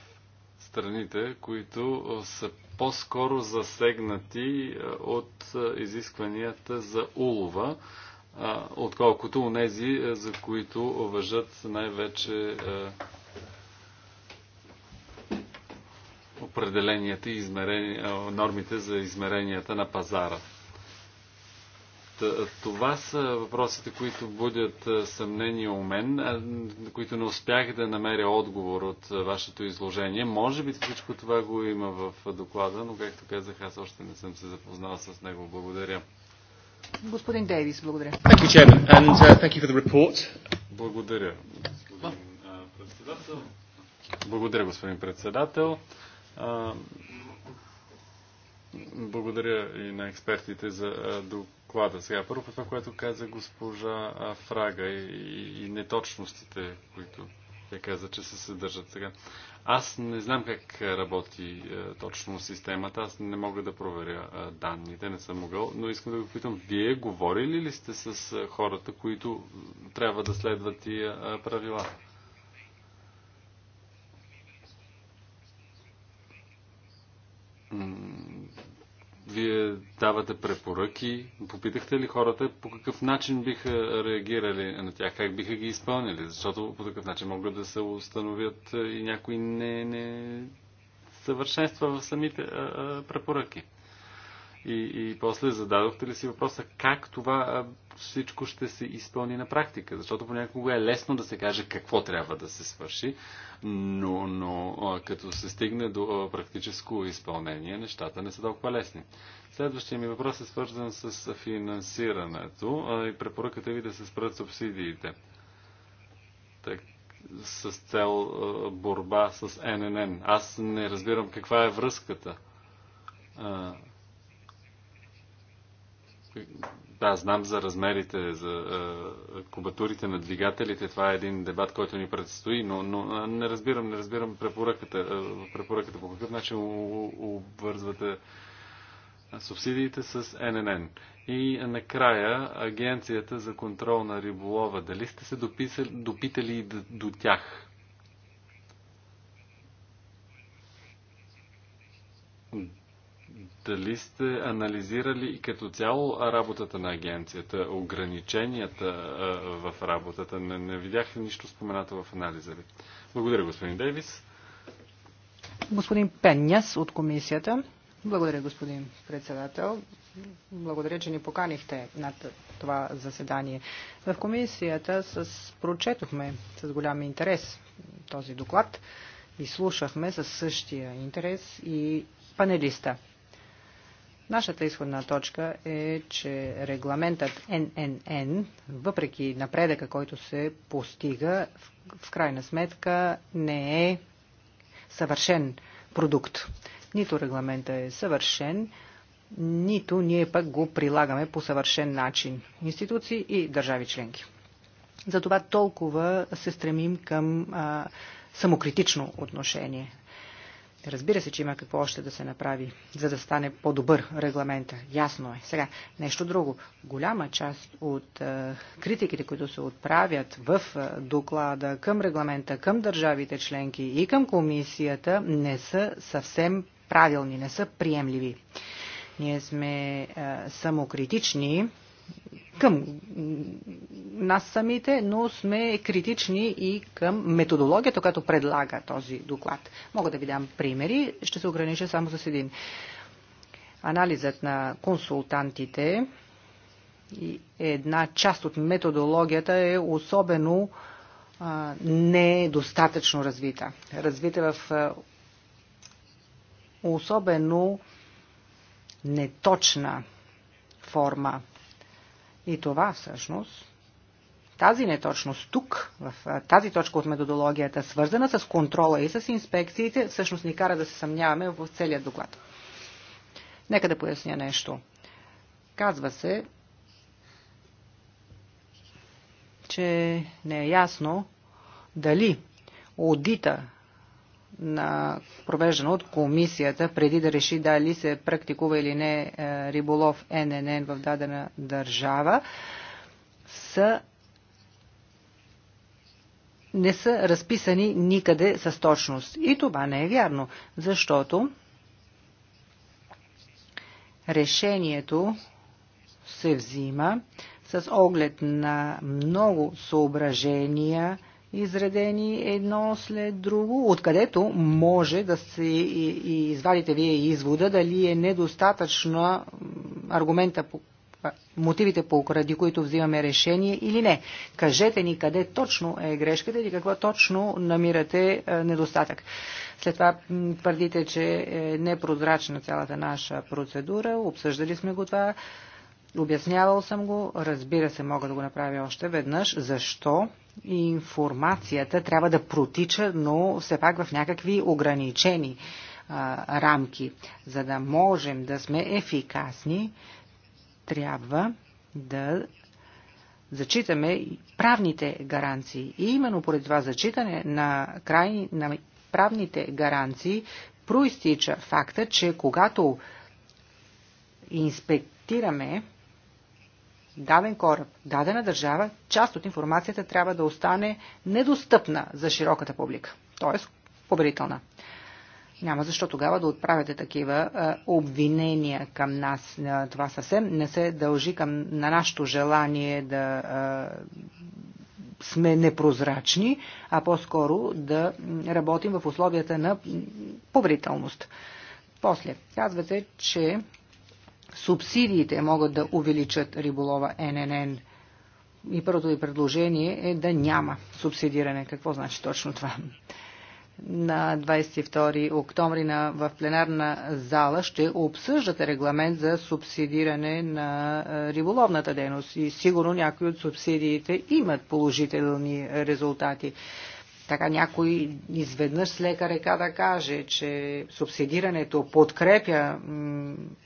страните, които са по-скоро засегнати от изискванията за улова, отколкото у нези, за които въжат най-вече определенията и нормите за измеренията на пазара. Това са въпросите, които будят съмнение у мен, които не успях да намеря отговор от вашето изложение. Може би всичко това го има в доклада, но както казах, аз още не съм се запознал с него. Благодаря. Господин Дейвис, благодаря. Uh, благодаря, господин председател. Благодаря, господин председател. Благодаря и на експертите за доклада. Сега, първо това, което каза госпожа Фрага и, и неточностите, които тя каза, че се съдържат сега. Аз не знам как работи е, точно системата. Аз не мога да проверя е, данните, не съм могъл, но искам да го питам. Вие говорили ли сте с е, хората, които трябва да следват тия е, правила? Вие давате препоръки. Попитахте ли хората по какъв начин биха реагирали на тях, как биха ги изпълнили? Защото по такъв начин могат да се установят и някои не, не съвършенства в самите а, а, препоръки. И, и после зададохте ли си въпроса как това всичко ще се изпълни на практика? Защото понякога е лесно да се каже какво трябва да се свърши, но, но като се стигне до практическо изпълнение, нещата не са толкова лесни. Следващия ми въпрос е свързан с финансирането и препоръката ви да се спрат субсидиите. Так, с цел борба с ННН. Аз не разбирам каква е връзката да, знам за размерите, за а, кубатурите на двигателите. Това е един дебат, който ни предстои, но, но не разбирам, не разбирам препоръката. препоръката по какъв начин обвързвате субсидиите с ННН. И накрая Агенцията за контрол на риболова. Дали сте се дописали, допитали до тях? дали сте анализирали и като цяло работата на агенцията, ограниченията в работата? Не, не видях нищо споменато в анализа ви. Благодаря, господин Дейвис. Господин Пенняс от комисията. Благодаря, господин председател. Благодаря, че ни поканихте на това заседание. В комисията с... прочетохме с голям интерес този доклад и слушахме със същия интерес и панелиста. Нашата изходна точка е, че регламентът ННН, въпреки напредъка, който се постига, в крайна сметка не е съвършен продукт. Нито регламента е съвършен, нито ние пък го прилагаме по съвършен начин. Институции и държави членки. Затова толкова се стремим към а, самокритично отношение. Разбира се, че има какво още да се направи, за да стане по-добър регламента. Ясно е. Сега, нещо друго. Голяма част от е, критиките, които се отправят в е, доклада към регламента, към държавите членки и към комисията, не са съвсем правилни, не са приемливи. Ние сме е, самокритични към нас самите, но сме критични и към методологията, която предлага този доклад. Мога да ви дам примери, ще се огранича само с един. Анализът на консултантите и една част от методологията е особено а, недостатъчно развита. Развита в а, особено неточна форма. И това всъщност, тази неточност тук, в тази точка от методологията, свързана с контрола и с инспекциите, всъщност ни кара да се съмняваме в целият доклад. Нека да поясня нещо. Казва се, че не е ясно дали аудита на, провеждано от комисията, преди да реши дали се практикува или не е, риболов ННН в дадена държава, са не са разписани никъде с точност. И това не е вярно, защото решението се взима с оглед на много съображения, изредени едно след друго, откъдето може да се извадите вие извода дали е недостатъчна аргумента по мотивите, поради които взимаме решение или не. Кажете ни къде точно е грешката или какво точно намирате е, недостатък. След това твърдите, че е непрозрачна цялата наша процедура. Обсъждали сме го това. Обяснявал съм го. Разбира се, мога да го направя още веднъж. Защо? информацията трябва да протича, но все пак в някакви ограничени а, рамки. За да можем да сме ефикасни, трябва да зачитаме правните гаранции. И именно поради това зачитане на, край, на правните гаранции проистича факта, че когато инспектираме даден кораб, дадена държава, част от информацията трябва да остане недостъпна за широката публика, т.е. поверителна. Няма защо тогава да отправяте такива а, обвинения към нас. А, това съвсем не се дължи към, на нашето желание да а, сме непрозрачни, а по-скоро да работим в условията на поверителност. После, казвате, че субсидиите могат да увеличат риболова ННН. И първото ви предложение е да няма субсидиране. Какво значи точно това? на 22 октомври на, в пленарна зала ще обсъждате регламент за субсидиране на риболовната дейност и сигурно някои от субсидиите имат положителни резултати така някой изведнъж с лека река да каже, че субсидирането подкрепя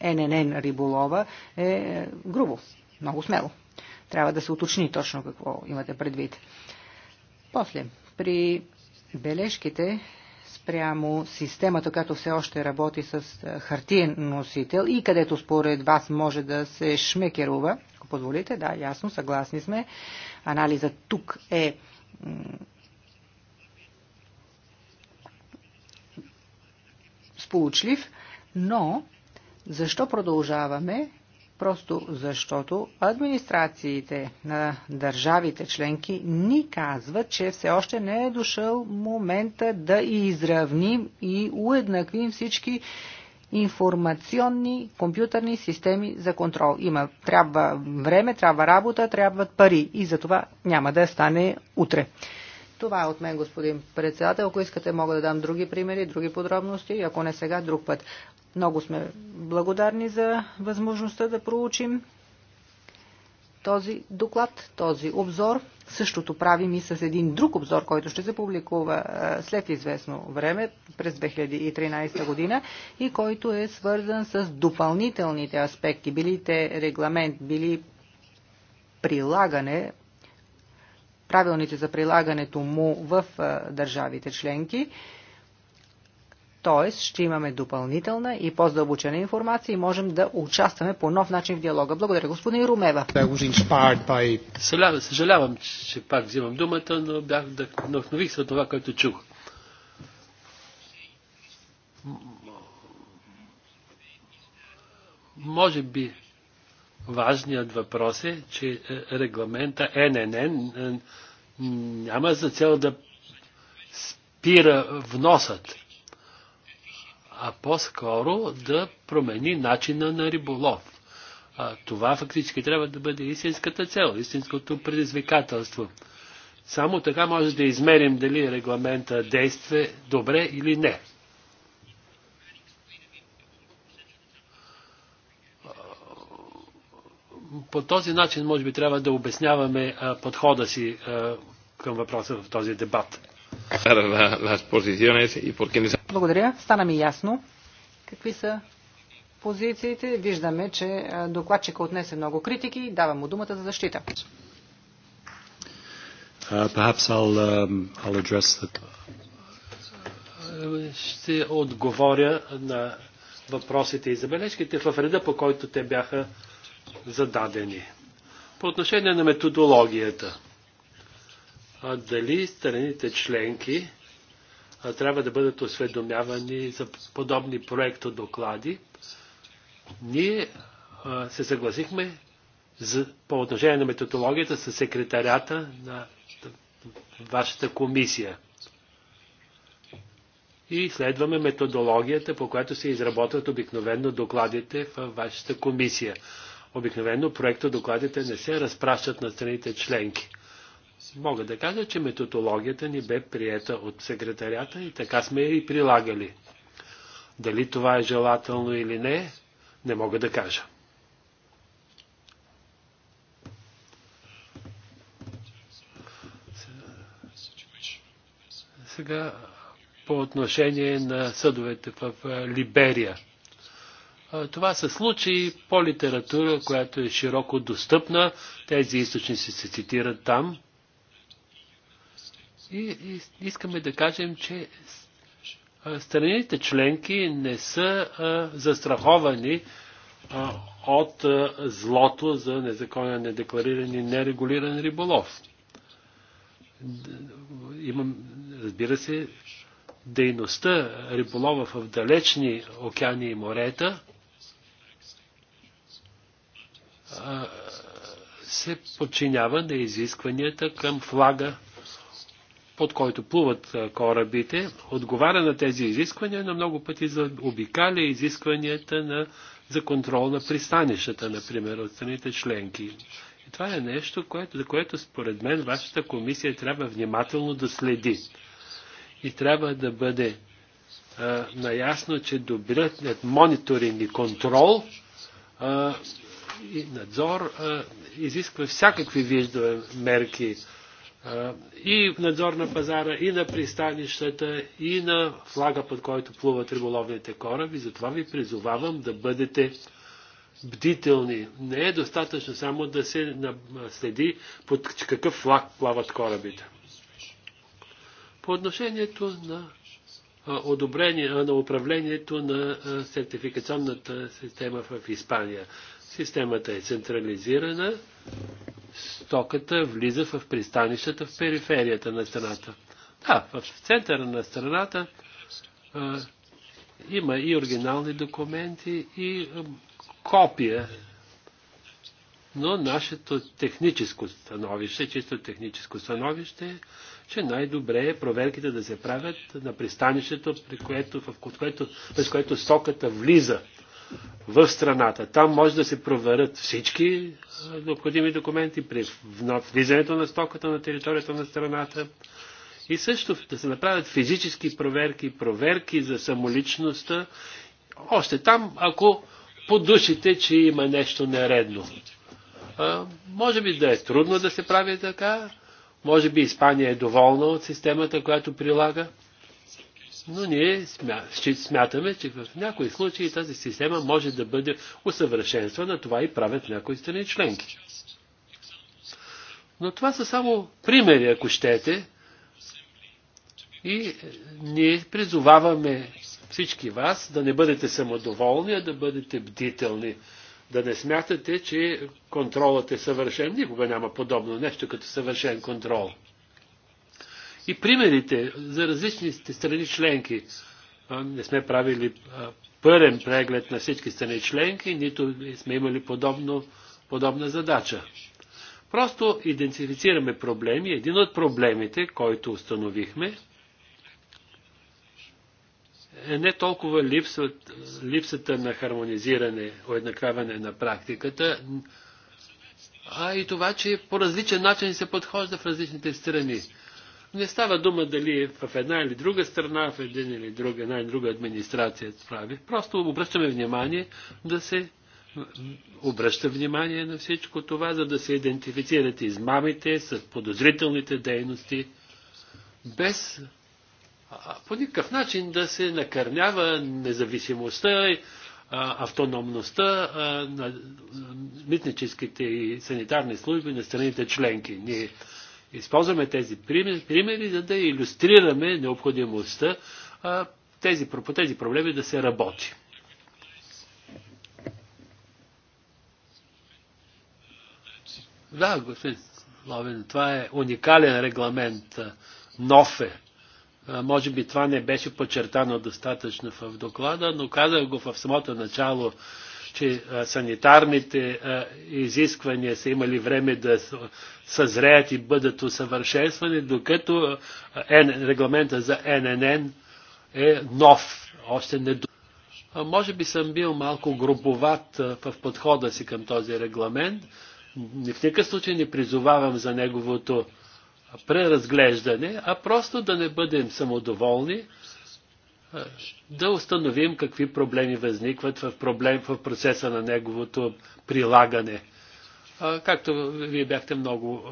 ННН риболова е грубо, много смело. Трябва да се уточни точно какво имате предвид. После, при бележките спрямо системата, която все още работи с е, хартиен носител и където според вас може да се шмекерува, ако позволите, да, ясно, съгласни сме. Анализът тук е сполучлив, но защо продължаваме? Просто защото администрациите на държавите членки ни казват, че все още не е дошъл момента да изравним и уеднаквим всички информационни компютърни системи за контрол. Има, трябва време, трябва работа, трябват пари и за това няма да стане утре. Това е от мен, господин председател. Ако искате, мога да дам други примери, други подробности, ако не сега, друг път. Много сме благодарни за възможността да проучим този доклад, този обзор. Същото правим и с един друг обзор, който ще се публикува е, след известно време, през 2013 година, и който е свързан с допълнителните аспекти, били те регламент, били прилагане Правилните за прилагането му в държавите членки. Т.е. ще имаме допълнителна и по-задълбочена информация и можем да участваме по нов начин в диалога. Благодаря, господин Румева. Съжалявам, съжалявам, че пак взимам думата, но бях да вдъхнових се това, което чух. Може би Важният въпрос е, че е, регламента ННН е, няма за цел да спира вносът, а по-скоро да промени начина на риболов. А, това фактически трябва да бъде истинската цел, истинското предизвикателство. Само така може да измерим дали регламента действа добре или не. по този начин, може би, трябва да обясняваме подхода си към въпроса в този дебат. Благодаря. Стана ми ясно. Какви са позициите? Виждаме, че докладчика отнесе много критики. Давам му думата за защита. Uh, um, Ще отговоря на въпросите и забележките в реда, по който те бяха зададени. По отношение на методологията, а дали страните членки а, трябва да бъдат осведомявани за подобни проекто доклади. ние а, се съгласихме за, по отношение на методологията с секретарята на вашата комисия. И следваме методологията, по която се изработват обикновено докладите в вашата комисия. Обикновено проекта докладите не се разпращат на страните членки. Мога да кажа, че методологията ни бе приета от секретарята и така сме я и прилагали. Дали това е желателно или не, не мога да кажа. Сега по отношение на съдовете в Либерия. Това са случаи по литература, която е широко достъпна. Тези източници се цитират там. И, и искаме да кажем, че страните членки не са а, застраховани а, от а, злото за незаконен, недеклариран и нерегулиран риболов. Имам, разбира се, дейността риболова в далечни океани и морета се подчинява на изискванията към флага, под който плуват корабите, отговаря на тези изисквания, но много пъти обикаля изискванията на, за контрол на пристанищата, например, от страните членки. И това е нещо, което, за което според мен вашата комисия трябва внимателно да следи. И трябва да бъде а, наясно, че добрият мониторинг и контрол а, и надзор изисква всякакви виждове мерки и надзор на пазара, и на пристанищата, и на флага, под който плуват риболовните кораби. Затова ви призовавам да бъдете бдителни. Не е достатъчно само да се следи под какъв флаг плават корабите. По отношението на одобрение на управлението на сертификационната система в Испания. Системата е централизирана, стоката влиза в пристанищата в периферията на страната. Да, в центъра на страната а, има и оригинални документи, и а, копия. Но нашето техническо становище, чисто техническо становище е, че най-добре е проверките да се правят на пристанището, при което, в което, през което стоката влиза в страната. Там може да се проверят всички необходими документи при влизането на стоката на територията на страната. И също да се направят физически проверки, проверки за самоличността, още там, ако подушите, че има нещо нередно. А, може би да е трудно да се прави така, може би Испания е доволна от системата, която прилага, но ние смятаме, че в някои случаи тази система може да бъде усъвършенствана, това и правят някои страни членки. Но това са само примери, ако щете, и е, ние призоваваме всички вас да не бъдете самодоволни, а да бъдете бдителни. Да не смятате, че контролът е съвършен. Никога няма подобно нещо като съвършен контрол. И примерите за различните страни членки. Не сме правили пълен преглед на всички страни членки, нито сме имали подобно, подобна задача. Просто идентифицираме проблеми. Един от проблемите, който установихме, е не толкова липсът, липсата на хармонизиране, уеднаквяване на практиката, а и това, че по различен начин се подхожда в различните страни. Не става дума дали е в една или друга страна, в един или друг, една или друга администрация прави. Просто обръщаме внимание да се обръща внимание на всичко това, за да се идентифицират измамите с подозрителните дейности, без по никакъв начин да се накърнява независимостта, автономността на митническите и санитарни служби на страните членки. Ние Използваме тези примери, за да иллюстрираме необходимостта а, тези, по тези проблеми да се работи. Да, господин Ловен, това е уникален регламент, нов е. Може би това не беше подчертано достатъчно в доклада, но казах го в самото начало че санитарните изисквания са имали време да съзреят и бъдат усъвършенствани, докато регламента за ННН е нов, още не може би съм бил малко груповат в подхода си към този регламент. В никакъв случай не призовавам за неговото преразглеждане, а просто да не бъдем самодоволни, да установим какви проблеми възникват в, проблем, в процеса на неговото прилагане. Както вие бяхте много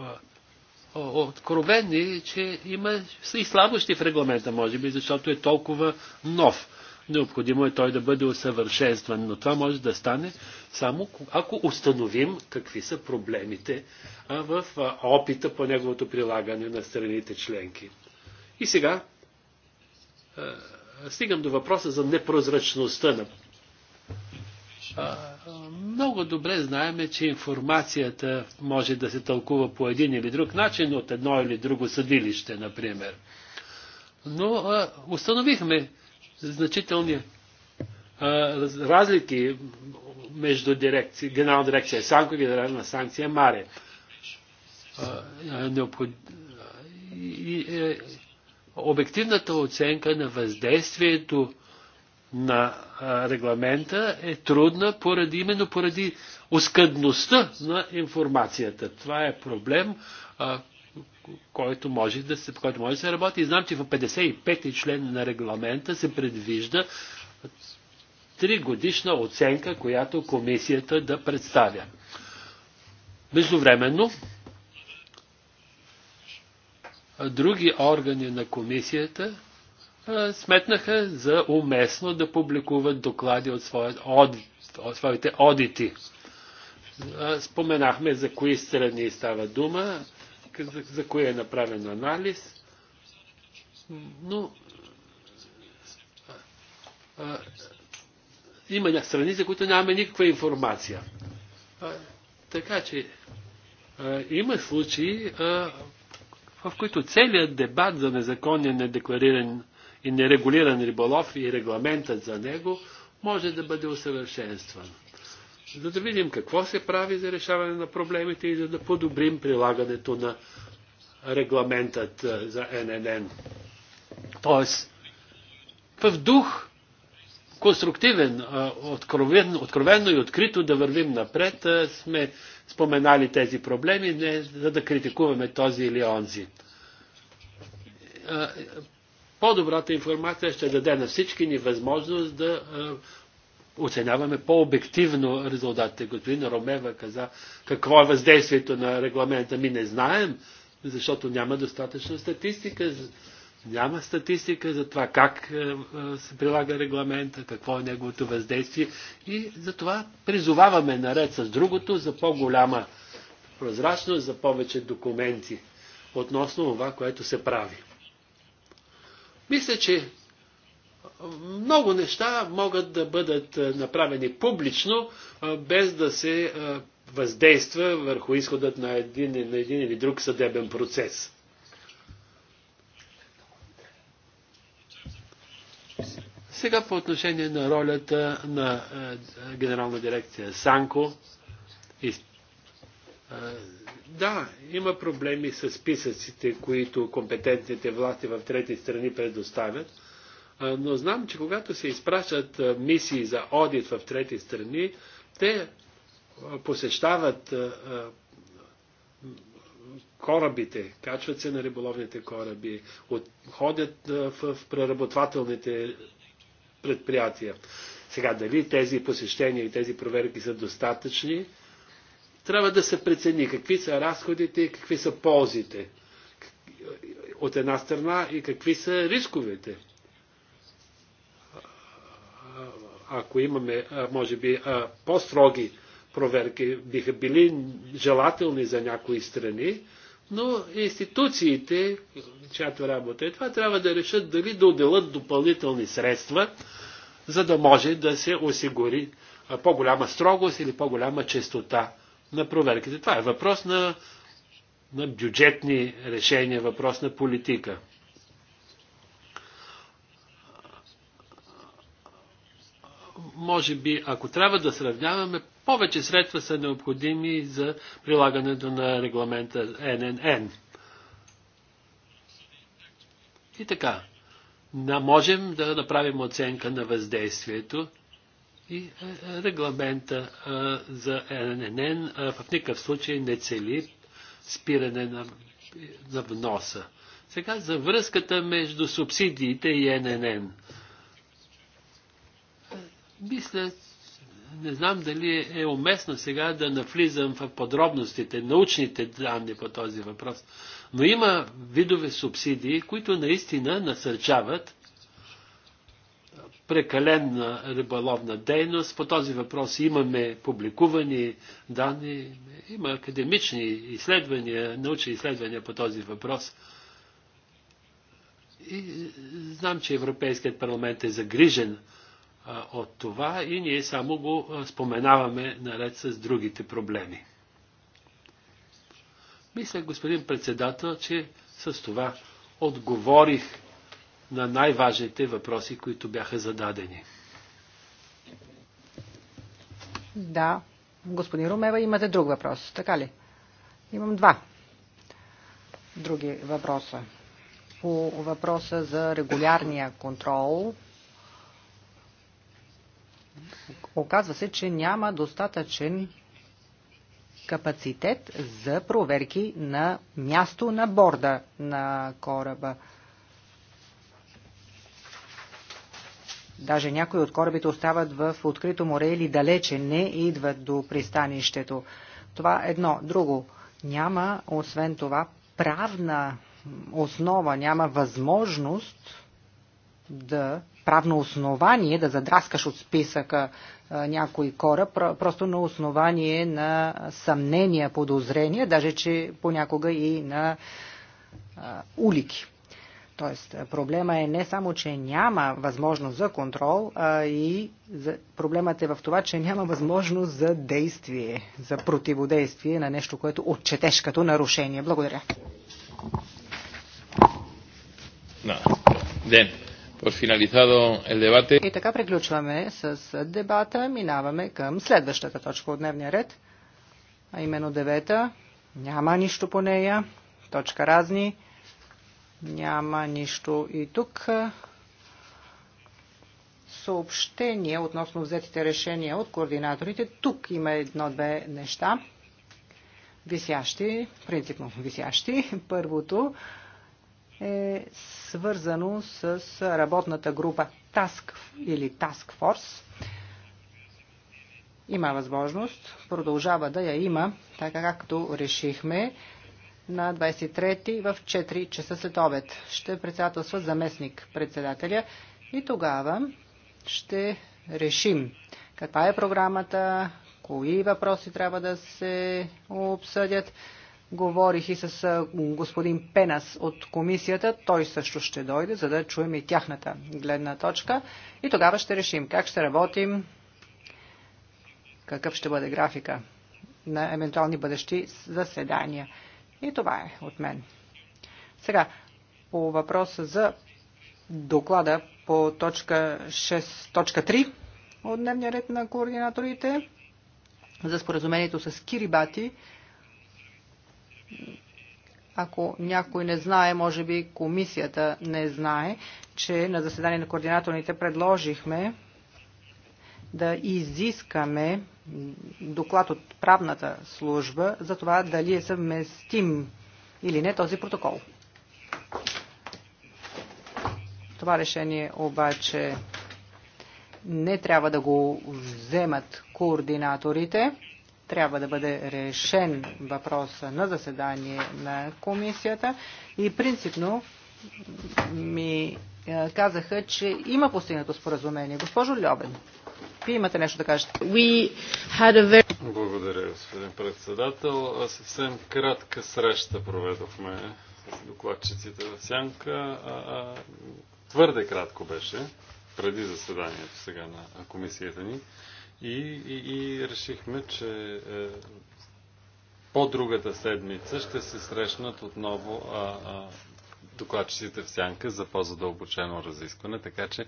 откровени, че има и слабости в регламента, може би, защото е толкова нов. Необходимо е той да бъде усъвършенстван, но това може да стане само ако установим какви са проблемите в опита по неговото прилагане на страните членки. И сега стигам до въпроса за непрозрачността на много добре знаеме, че информацията може да се тълкува по един или друг начин от едно или друго съдилище, например. Но а, установихме значителни а, разлики между дирекция, генерална дирекция Санко и генерална санкция Маре. А, необход... и, и, е, обективната оценка на въздействието на регламента е трудна поради, именно поради оскъдността на информацията. Това е проблем, който може да се, който може да се работи. И знам, че в 55-ти член на регламента се предвижда тригодишна оценка, която комисията да представя. Междувременно, други органи на комисията сметнаха за уместно да публикуват доклади от, своите одити. Споменахме за кои страни става дума, за, кои е направен анализ, но има страни, за които нямаме никаква информация. така че има случаи, в които целият дебат за незаконния, недеклариран и нерегулиран риболов и регламентът за него може да бъде усъвършенстван. За да видим какво се прави за решаване на проблемите и за да подобрим прилагането на регламентът за ННН. Тоест, в дух конструктивен, откровен, откровенно и открито да вървим напред. Сме споменали тези проблеми, не за да критикуваме този или онзи. По-добрата информация ще даде на всички ни възможност да оценяваме по-обективно резултатите. Господин Ромева каза какво е въздействието на регламента. Ми не знаем, защото няма достатъчно статистика няма статистика за това как е, е, се прилага регламента, какво е неговото въздействие и затова призоваваме наред с другото за по-голяма прозрачност, за повече документи относно това, което се прави. Мисля, че много неща могат да бъдат е, направени публично, без да се въздейства върху изходът на един, на един или друг съдебен процес. Сега по отношение на ролята на е, генерална дирекция Санко. Е, да, има проблеми с списъците, които компетентните власти в трети страни предоставят, е, но знам, че когато се изпращат мисии за одит в трети страни, те посещават корабите, качват се на риболовните кораби, ходят в преработвателните предприятия. Сега, дали тези посещения и тези проверки са достатъчни, трябва да се прецени какви са разходите и какви са ползите от една страна и какви са рисковете. Ако имаме, може би, по-строги проверки, биха били желателни за някои страни, но институциите, чиято работа е това, трябва да решат дали да отделят допълнителни средства, за да може да се осигури по-голяма строгост или по-голяма честота на проверките. Това е въпрос на, на бюджетни решения, въпрос на политика. Може би, ако трябва да сравняваме повече средства са необходими за прилагането на регламента ННН. И така, можем да направим оценка на въздействието и е, е, регламента е, за ННН в никакъв случай не цели спиране на, на вноса. Сега за връзката между субсидиите и ННН. Мисля, не знам дали е уместно сега да навлизам в подробностите, научните данни по този въпрос, но има видове субсидии, които наистина насърчават прекалена риболовна дейност. По този въпрос имаме публикувани данни, има академични изследвания, научни изследвания по този въпрос. И знам, че Европейският парламент е загрижен от това и ние само го споменаваме наред с другите проблеми. Мисля, господин председател, че с това отговорих на най-важните въпроси, които бяха зададени. Да, господин Румева, имате друг въпрос, така ли? Имам два други въпроса. По въпроса за регулярния контрол оказва се, че няма достатъчен капацитет за проверки на място на борда на кораба. Даже някои от корабите остават в открито море или далече, не идват до пристанището. Това е едно. Друго, няма освен това правна основа, няма възможност да правно основание да задраскаш от списъка някой кора, просто на основание на съмнения, подозрения, даже че понякога и на улики. Тоест, проблема е не само, че няма възможност за контрол, а и за... проблемът е в това, че няма възможност за действие, за противодействие на нещо, което отчетеш като нарушение. Благодаря. No. Then. И така приключваме с дебата. Минаваме към следващата точка от дневния ред, а именно девета. Няма нищо по нея. Точка разни. Няма нищо и тук. Съобщение относно взетите решения от координаторите. Тук има едно-две неща. Висящи, принципно висящи. Първото е свързано с работната група Task или Task Force. Има възможност, продължава да я има, така както решихме на 23 в 4 часа след обед. Ще председателства заместник председателя и тогава ще решим каква е програмата, кои въпроси трябва да се обсъдят. Говорих и с господин Пенас от комисията. Той също ще дойде, за да чуем и тяхната гледна точка. И тогава ще решим как ще работим, какъв ще бъде графика на евентуални бъдещи заседания. И това е от мен. Сега, по въпроса за доклада по точка 6, точка 3 от дневния ред на координаторите за споразумението с Кирибати – ако някой не знае, може би комисията не знае, че на заседание на координаторните предложихме да изискаме доклад от правната служба за това дали е съвместим или не този протокол. Това решение обаче не трябва да го вземат координаторите трябва да бъде решен въпрос на заседание на комисията и принципно ми е, казаха, че има постигнато споразумение. Госпожо Льобен, вие имате нещо да кажете. Very... Благодаря, господин председател. Съвсем кратка среща проведохме с докладчиците в Сянка. А, а, твърде кратко беше, преди заседанието сега на комисията ни. И, и, и решихме, че е, по другата седмица ще се срещнат отново а, а, докладчиците в сянка за по-задълбочено разискване, така че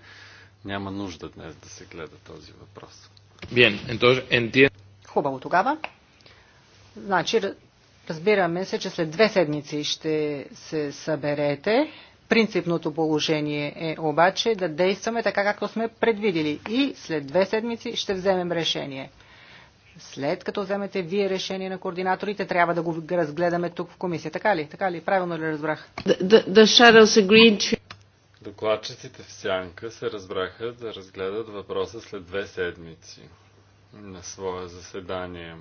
няма нужда днес да се гледа този въпрос. Bien, entonces, enti... Хубаво тогава. Значи, разбираме се, че след две седмици ще се съберете Принципното положение е обаче да действаме така, както сме предвидели и след две седмици ще вземем решение. След като вземете вие решение на координаторите, трябва да го разгледаме тук в комисия. Така ли? Така ли? Правилно ли разбрах? The, the Докладчиците в Сянка се разбраха да разгледат въпроса след две седмици на свое заседание.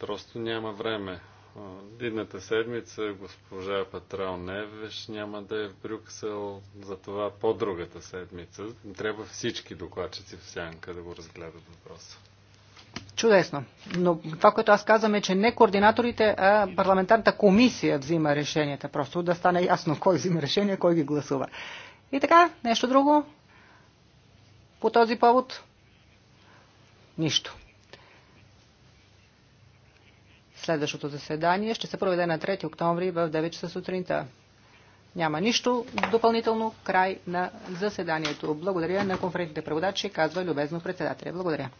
Просто няма време Дидната седмица госпожа Патрал Невеш няма да е в Брюксел, затова по-другата седмица. Трябва всички докладчици в сянка да го разгледат въпроса. Чудесно. Но това, което аз казвам е, че не координаторите, а парламентарната комисия взима решенията. Просто да стане ясно кой взима решение, кой ги гласува. И така, нещо друго по този повод? Нищо. Следващото заседание ще се проведе на 3 октомври в 9 часа сутринта. Няма нищо допълнително. Край на заседанието. Благодаря на конферентните преводачи, казва любезно председателя. Благодаря.